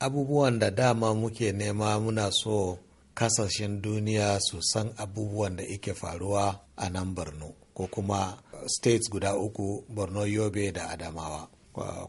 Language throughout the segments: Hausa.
abubuwan da dama muke nema muna so kasashen duniya su san abubuwan da ike faruwa a nan borno ko kuma states guda uku borno yobe da adamawa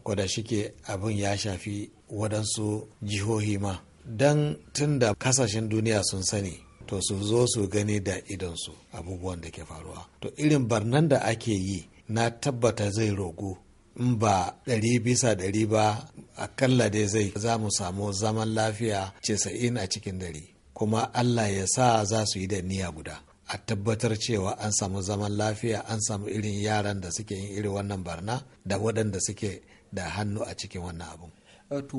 ko da shike abin ya shafi waɗansu jihohi ma don tun da kasashen duniya sun sani to su zo su gani da idonsu abubuwan da ke faruwa to irin barnan da ake yi na tabbata zai rogu in ba ɗari bisa ɗari ba akalla dai zai za mu samu zaman lafiya casa'in a cikin dare kuma allah ya sa za su yi da niyya guda a tabbatar cewa an samu zaman lafiya an samu irin yaran da suke yin irin wannan barna da waɗanda suke da hannu a cikin wannan abun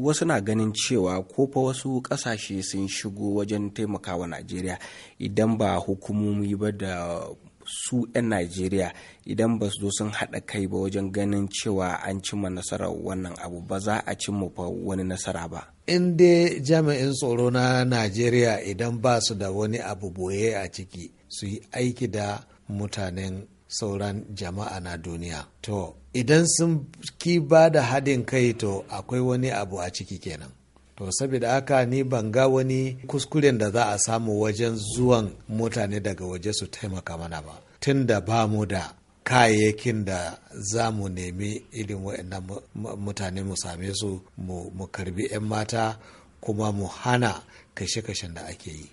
wasu na ganin cewa ko fa wasu kasashe sun shigo wajen taimakawa najeriya idan ba hukumomi ba da su 'yan najeriya idan ba su zo sun haɗa kai ba wajen ganin cewa an cimma nasara wannan abu ba za a cimma fa wani nasara ba in dai jami'in tsoro na najeriya idan ba su da wani abu boye a ciki su yi aiki da mutanen sauran jama'a na duniya to idan sun ki ba da haɗin kai to akwai wani abu a ciki kenan to saboda haka ni ban ga wani kuskuren da za a samu wajen zuwan mutane daga waje su taimaka mana ba tunda ba mu da kayayyakin da za mu nemi irin waɗannan mutane mu same su mu karbi 'yan mata kuma mu hana kashe-kashen da ake yi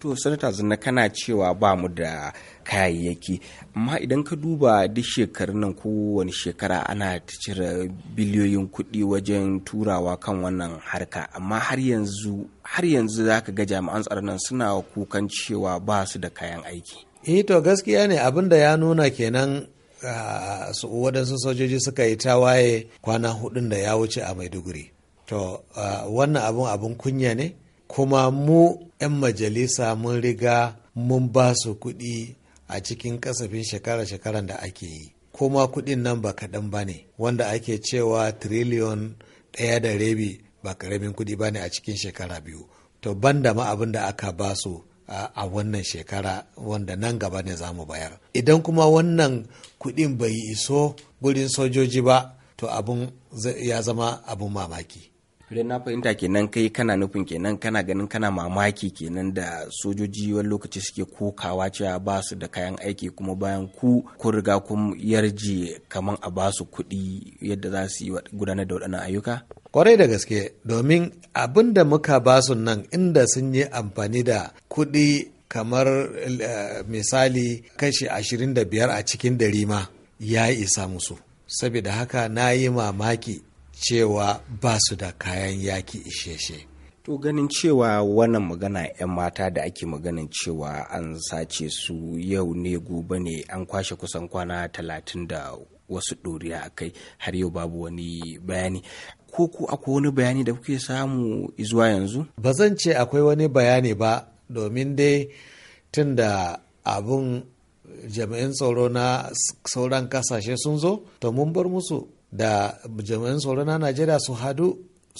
to sanata zina kana cewa ba mu da kayayyaki amma idan ka duba duk shekarun nan kowane shekara ana ta cire biliyoyin kuɗi wajen turawa kan wannan harka amma har yanzu har yanzu za ka ga jami'an tsaron nan suna kukan cewa ba su da kayan aiki eh to gaskiya ne abin da ya nuna kenan su waɗansu sojoji suka yi ta waye kwana hudun da ya wuce a maiduguri to wannan abun abin kunya ne kuma mu 'yan majalisa mun riga mun ba su kuɗi a cikin kasafin shekara-shekaran da ake yi kuma kuɗin nan ba kaɗan ba ne wanda ake cewa triliyon ɗaya da rebi ba ƙaramin kuɗi ba ne a cikin shekara biyu to da ma abin da aka ba su a wannan shekara wanda nan gaba ne za mu bayar idan kuma wannan kuɗin bai iso gurin sojoji ba to abun ya zama abun mamaki idan na fahimta kenan kai kana nufin kenan kana ganin kana mamaki kenan da sojoji wani lokaci suke kokawa cewa ba su da kayan aiki kuma bayan ku kun riga kun yarje kaman a ba su kuɗi yadda za su yi gudanar da waɗannan ayyuka kwarai da gaske domin abin da muka ba su nan inda sun yi amfani da kuɗi kamar eh, misali kashi 25 a cikin dari ma ya isa musu saboda haka na yi mamaki cewa ba su da kayan yaki isheshe to ganin cewa wannan magana 'yan mata da ake maganin cewa an sace su yau ne gobe ne an kwashe kusan kwana talatin wasu ɗoriya a kai har yau babu wani bayani ko ku akwai wani bayani da kuke samu zuwa yanzu ba zan ce akwai wani bayani ba domin dai tun da abun jami'in tsaro na sauran kasashe sun zo to mun bar musu da jami'in tsaro na najeriya su hadu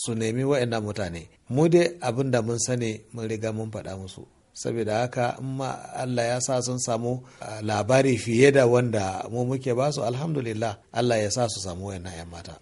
su nemi waɗannan mutane mu dai abin da mun sani mun riga mun faɗa musu saboda haka in Allah ya sa sun samu ah, labari fiye da wanda mu muke basu alhamdulillah Allah ya sa su samu wayannan 'yan mata